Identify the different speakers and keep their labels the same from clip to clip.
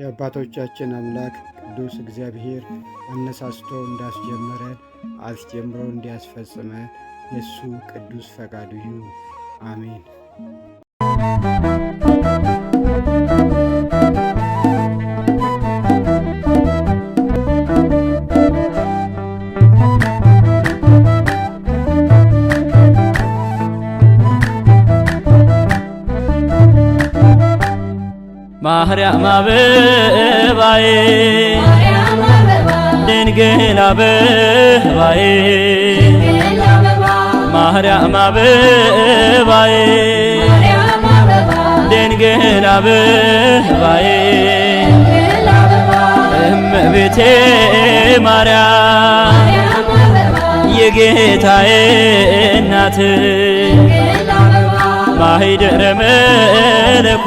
Speaker 1: የአባቶቻችን አምላክ ቅዱስ እግዚአብሔር አነሳስቶ እንዳስጀመረ አስጀምሮ እንዲያስፈጽመ የእሱ ቅዱስ ፈቃዱ ይሁን። አሜን።
Speaker 2: ማርያም አበባዬ
Speaker 3: ድንግል
Speaker 2: አበባዬ ማርያም አበባዬ ድንግል አበባዬ እመቤቴ
Speaker 3: ማርያም
Speaker 2: የጌታዬ እናት
Speaker 3: ማህደረ
Speaker 2: መለኮት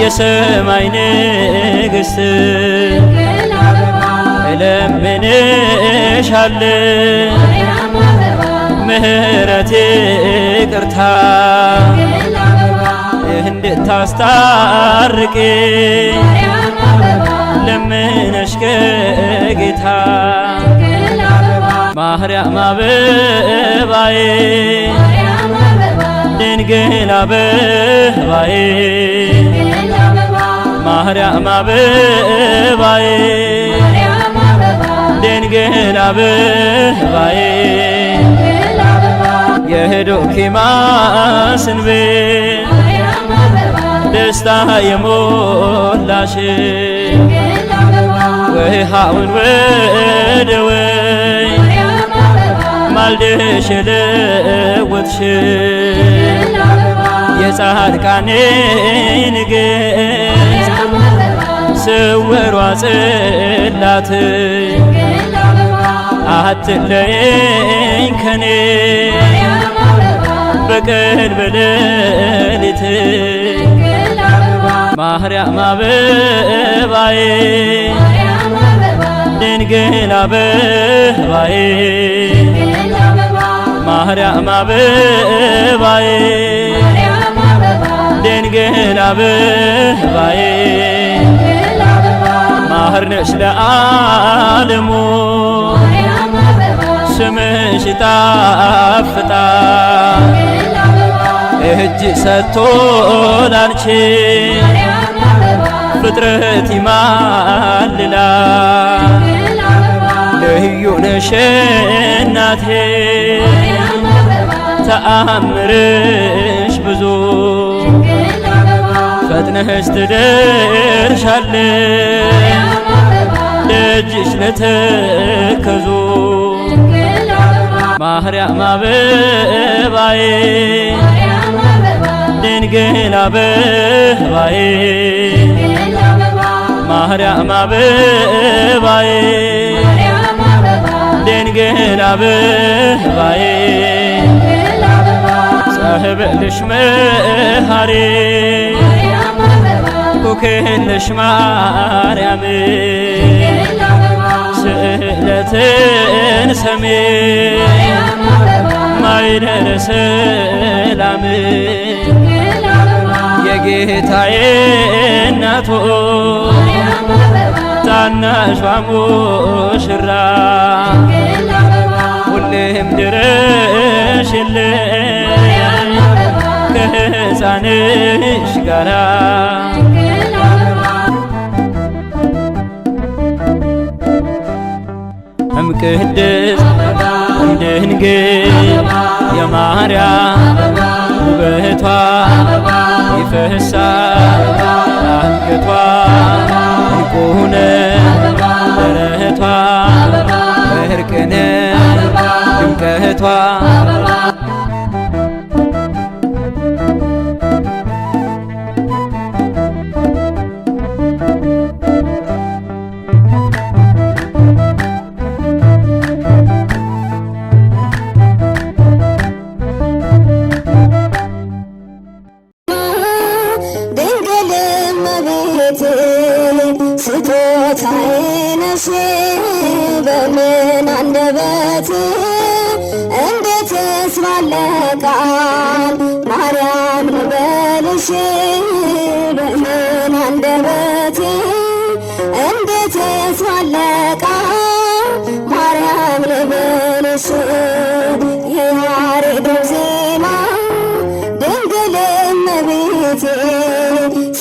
Speaker 2: የሰማይ
Speaker 3: ንግሥት
Speaker 2: እለምንሻለን ምሕረት ይቅርታ እንድታስታርቂ ለምነሽ ከጌታ ማርያም አበባዬ ድንግል አበባዬ ማርያም አበባዬ ድንግል አበባዬ የሄዶኪ ማስንቤ ደስታ የሞላሽ وهي حاول ودوي ማልደሽ ለወትሽ
Speaker 3: የጻድቃንን ንግሥት
Speaker 2: ስውሯ ጽላት አትለይኝ ከኔ በቀን በሌሊት ማርያም አበባዬ ድንግል አበባዬ ማርያም አበባዬ ድንግል አበባዬ ማህር ለዓለሙ ስምሽ ጣፍጣ እጅ ሰጥቶ ላንቺ ፍጥረት ይማልላ ልዩ ነሽ እናቴ ተአምርሽ ብዙ ፈጥነሽ ትደርሻለሽ ደጅሽ ለተከዙ ማርያም አበባዬ ድንግል አበባዬ ማርያም አበባዬ ድንግል አበባዬ ሳህበልሽ መሃሪ ኩክልሽ ማርያም ስእለትን ሰሜ
Speaker 3: ማይደረ
Speaker 2: ሰላም
Speaker 3: የጌታዬ
Speaker 2: እናቶ ታናሽ ሙሽራ ሁሌም ድረሽልን ከሕፃንሽ ጋራ እምቅድስት እምድንግል የማርያም ውበቷ ይፈሳ አንገቷ ልቡነ በረህቷ እርቅነ ድምቀቷ
Speaker 4: ስዕድ የያሬድም ዜማ ድንግል እመቤቴ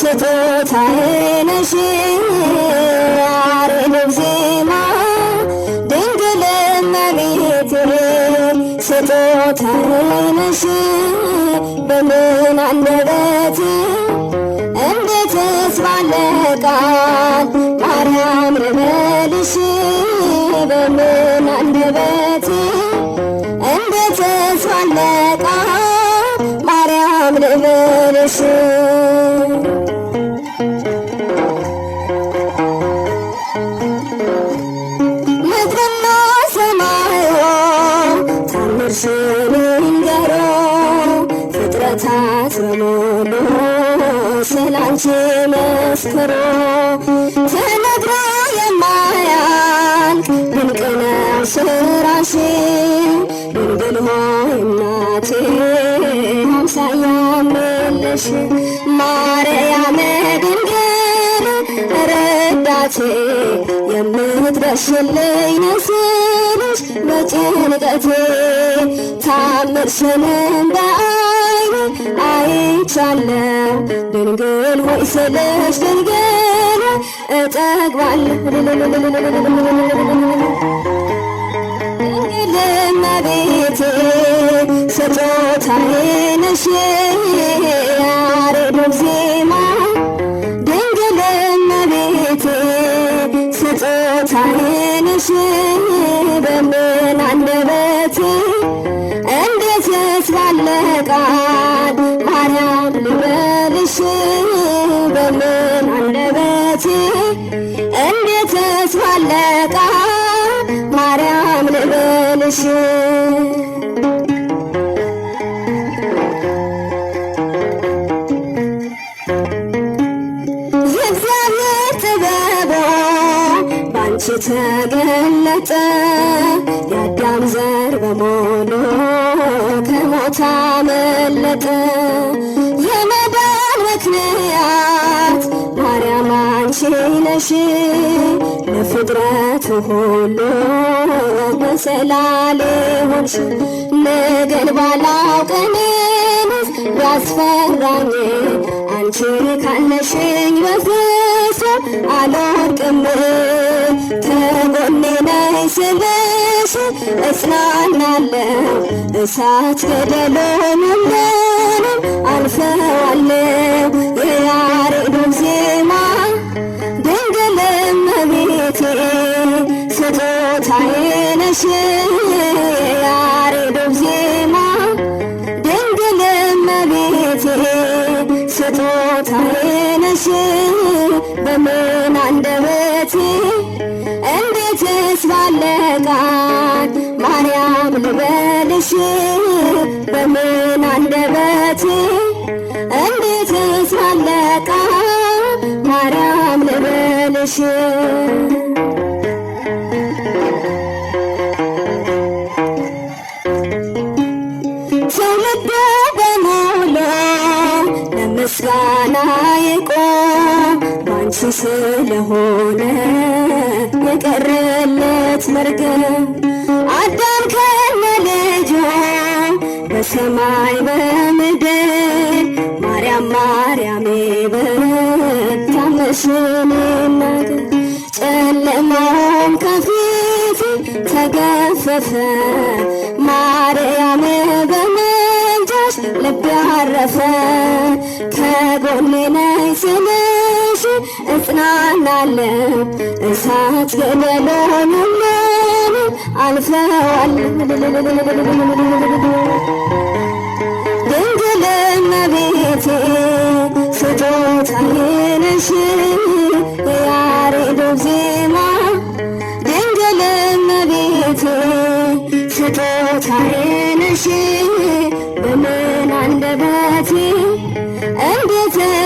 Speaker 4: ስጦታዬ ነሽ። የያሬድም ዜማ ድንግል እመቤቴ ስጦታዬ ነሽ። በምን አንደበት እንዴትስ ባለ ቃል ማርያም ልበልሽ በምን አንደበት ምስክሩ ተነግሮ የማያልቅ ድንቅ ነው ስራሽ ድንግል ሆይ እናቴ አምሳያ መለሽ ማርያም ድንግል ረዳቴ የምትደርስልኝ ነስልሽ በጭንቀቴ ታምርሽን እንደ አይቻለው ድንግል ወይ ስለሽ ድንግል እጠግባል እመቤቴ ስጦታዬ ነሽ ያሬድ አለሽ የእግዚአብሔር ጥበብ ባንቺ ተገለጠ የአዳም ዘር በሞሎ ከሞት አመለጠ የመዳን ምክንያት ማርያም አንቺ ነሽ ለፍጥረት ሁሉ መሰላል ነገን ባላው ባላውቅንስ ያስፈራኝ አንቺ ካለሽኝ በፍጹም አልወድቅም ተጎኔ ነሽ ስልሽ እጽናናለሁ እሳት ገደሉን ሁሉንም አልፈዋለሁ የያሬዱን ዜማ ነሽ ያሬዶብ ዜማ ድንግል እመቤቴ ስጦታዬ ነሽ በምን አንደበቴ እንዴትስ ባለ ቃል ማርያም ልበልሽ በምን አንደበቴ እንዴትስ ባለ ቃል ማርያም ልበልሽ የማይቆም አንቺ ስለሆነ የቀረለት መርገም አዳም ከነ ልጇ በሰማይ በምድር ማርያም ማርያሜ በረት ታምሽን ናት ጨለማም ከፊት ተገፈፈ ማርያም በመ አረፈ ከጎኔ ነይ ስልሽ እጽናናለሁ እሳት ገደለንን አልፈዋል ድንግል እመቤቴ ስጦታዬ ነሽ ያሬዱ ዜማ ድንግል እመቤቴ ስጦታዬ ነሽ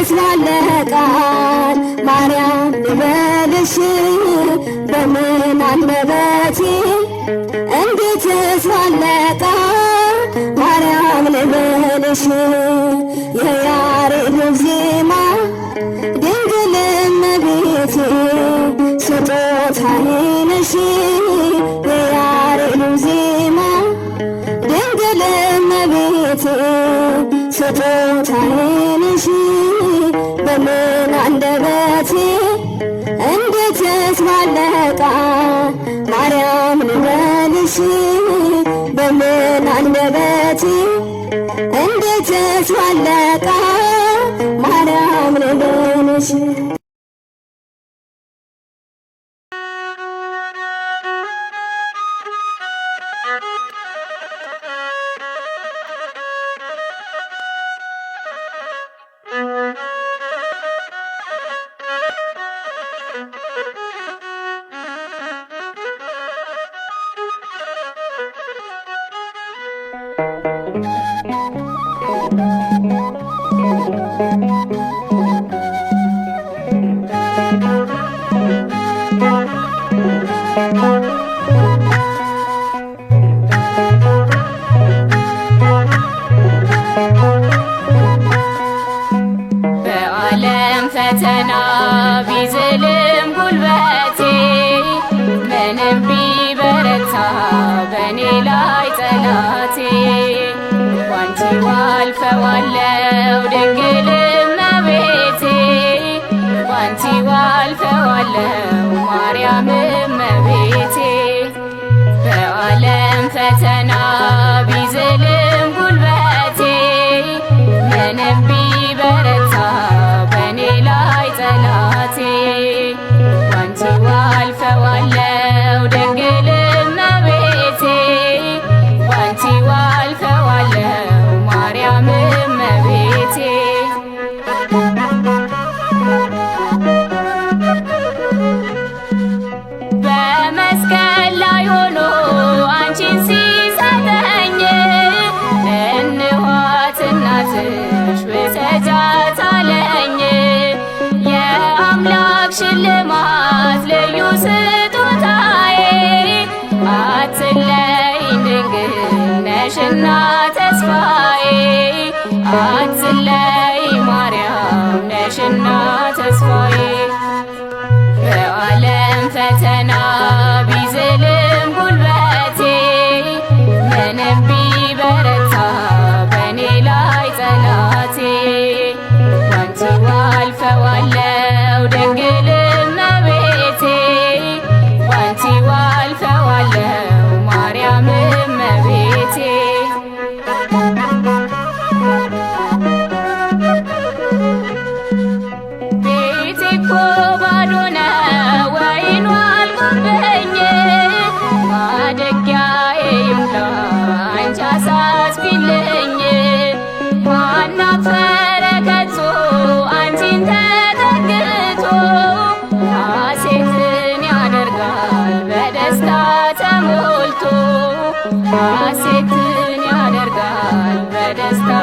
Speaker 4: ቃልሽ ባለ ቃል ማርያም ልበልሽ በምን አንደበቴ ቃል ማርያም ልበልሽ የያሬድ ዜማ ድንግል እመቤቴ ስጦታዬ ነሽ የያሬድ ዜማ ድንግል እመቤቴ ነሽ በምን አንደበቴ እንዴትስ ባለቃ ማርያምን በልሽ በምን አንደበቴ እንዴትስ ባለቃ ማርያምን በልሽ
Speaker 5: ፈተና ቢዝልም ጉልበቴ ምንም ቢበረታ በእኔ ላይ ጠላቴ ባንቺ አልፈዋለው ድንግል እመቤቴ ባንቺ አልፈዋለው ማርያም እመቤቴ በዓለም ፈተና ሽልማት ልዩ ስጦታዬ አትለይኝ ድንግል ነሽና ተስፋዬ አትለይኝ ማርያም ነሽና ተስፋዬ ሐሴትን ያደርጋል በደስታ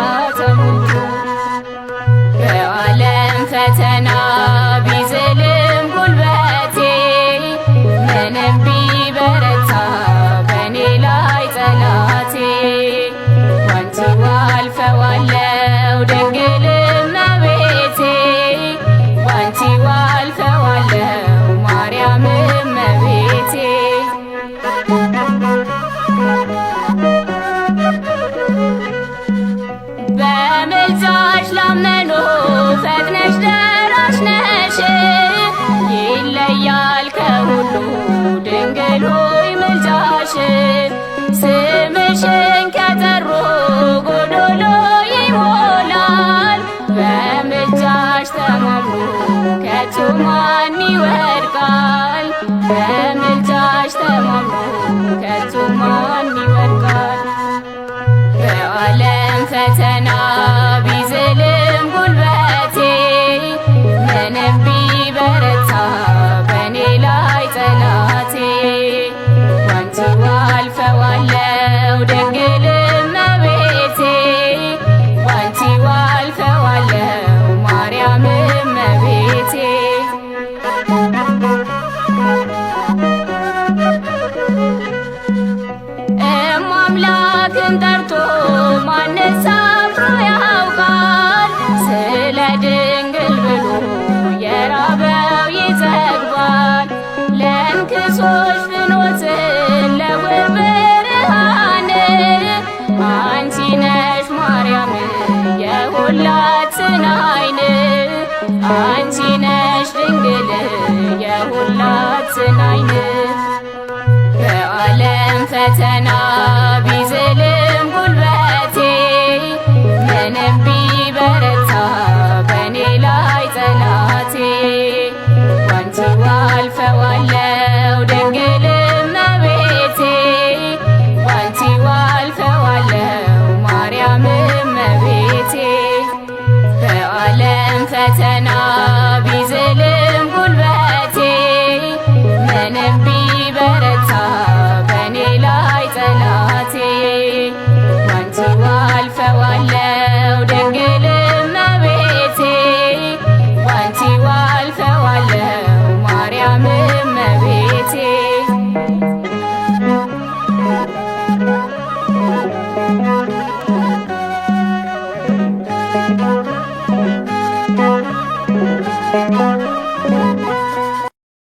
Speaker 5: ማን ይወድቃል በምልጃሽ ተማምኖ ከቶማን ይወድቃል በዓለም ፈተና አትናኝ ከዓለም ፈተና